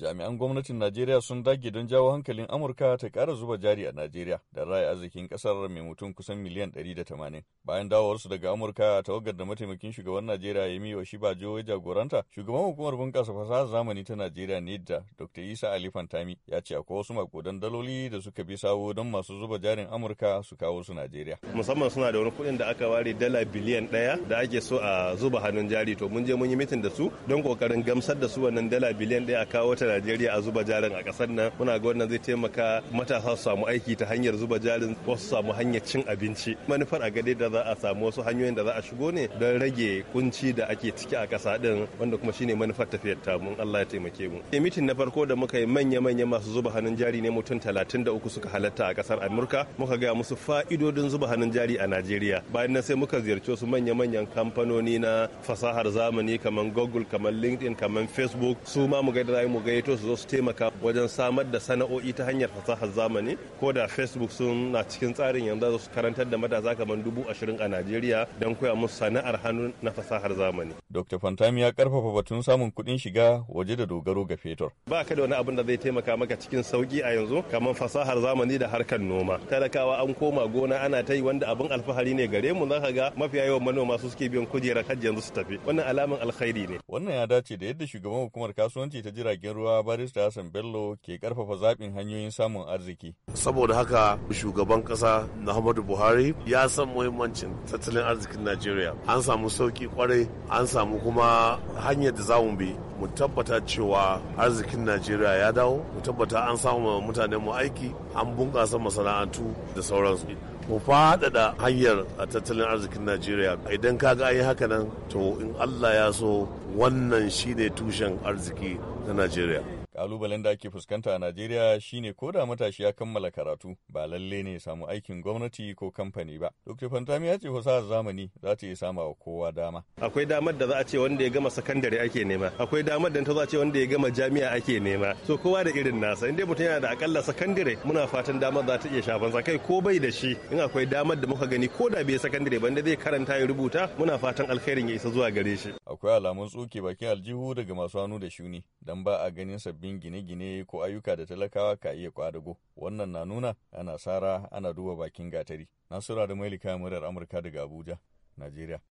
jami'an gwamnatin najeriya sun dage don jawo hankalin amurka ta kara zuba jari a najeriya da raya arzikin kasar mai mutum kusan miliyan 180 bayan dawowarsu daga amurka tawagar da mataimakin shugaban najeriya yemi shi ba ya jagoranta shugaban hukumar bunƙasa fasaha zamani ta najeriya da dr isa ali fantami ya ce akwai wasu makudan daloli da suka bi sawo don masu zuba jarin amurka su kawo su najeriya musamman suna da wani kuɗin da aka ware dala biliyan ɗaya da ake so a zuba hannun jari to mun je mun yi mitin da su don ƙoƙarin gamsar da su wannan dala biliyan ɗaya a kawo ta Najeriya a zuba jarin a ƙasar nan muna ga wannan zai taimaka matasa su samu aiki ta hanyar zuba jarin wasu samu hanyar cin abinci manufar a gade da za a samu wasu hanyoyin da za a shigo ne don rage kunci da ake ciki a ƙasa din wanda kuma shine manufar tafiyar ta mun Allah ya taimake mu e mitin na farko da muka yi manya-manya masu zuba hannun jari ne mutum 33 suka halatta a ƙasar Amurka muka ga musu fa'idodin zuba hannun jari a Najeriya bayan nan sai muka ziyarci wasu manya-manyan kamfanoni na fasahar zamani kamar Google kamar LinkedIn kamar Facebook su ma mu ga da mu ga gayyato su zo su taimaka wajen samar da sana'o'i ta hanyar fasahar zamani ko da facebook sun na cikin tsarin yanzu su karantar da matasa kamar dubu ashirin a najeriya don koya musu sana'ar hannu na fasahar zamani dr fantami ya karfafa batun samun kuɗin shiga waje da dogaro ga fetur ba ka da wani abin da zai taimaka maka cikin sauki a yanzu kamar fasahar zamani da harkar noma talakawa an koma gona ana ta yi wanda abin alfahari ne gare mu zaka ga mafiya yawan manoma su suke biyan kujerar hajji yanzu su tafi wannan alamar alkhairi ne wannan ya dace da yadda shugaban hukumar kasuwanci ta jiragen ruwa cewa barista Hassan Bello ke karfafa zaɓin hanyoyin samun arziki. Saboda haka shugaban ƙasa Muhammadu Buhari ya san muhimmancin tattalin arzikin Najeriya. An samu sauƙi kwarai, an samu kuma hanyar da zamu bi mu tabbata cewa arzikin Najeriya ya dawo, mu tabbata an samu mutanen mu aiki, an bunƙasa masana'antu da sauransu. mu faɗaɗa hanyar a tattalin arzikin najeriya idan ka ga yi haka nan to in allah ya so wannan shine tushen arziki na najeriya Kalubalen da ake fuskanta a Najeriya shine ko da matashi ya kammala karatu ba lalle ne ya samu aikin gwamnati ko kamfani ba. Dr. Fantami ya ce fasahar zamani za ta iya sama wa kowa dama. Akwai damar da za a ce wanda ya gama sakandare ake nema, akwai damar da ta za a ce wanda ya gama jami'a ake nema. So kowa da irin nasa, inda mutum yana da akalla sakandare muna fatan damar za ta iya shafan sa kai ko bai da shi in akwai damar da muka gani ko da bai sakandare ba inda zai karanta ya rubuta muna fatan alkhairin ya isa zuwa gare shi. Akwai alamun tsoke bakin aljihu daga masu hannu da shuni dan ba a ganin sabbin sababbin gine-gine ko ayyuka da talakawa ka iya kwadago wannan na nuna ana sara ana duba bakin gatari nasura da mailika murar amurka daga abuja najeriya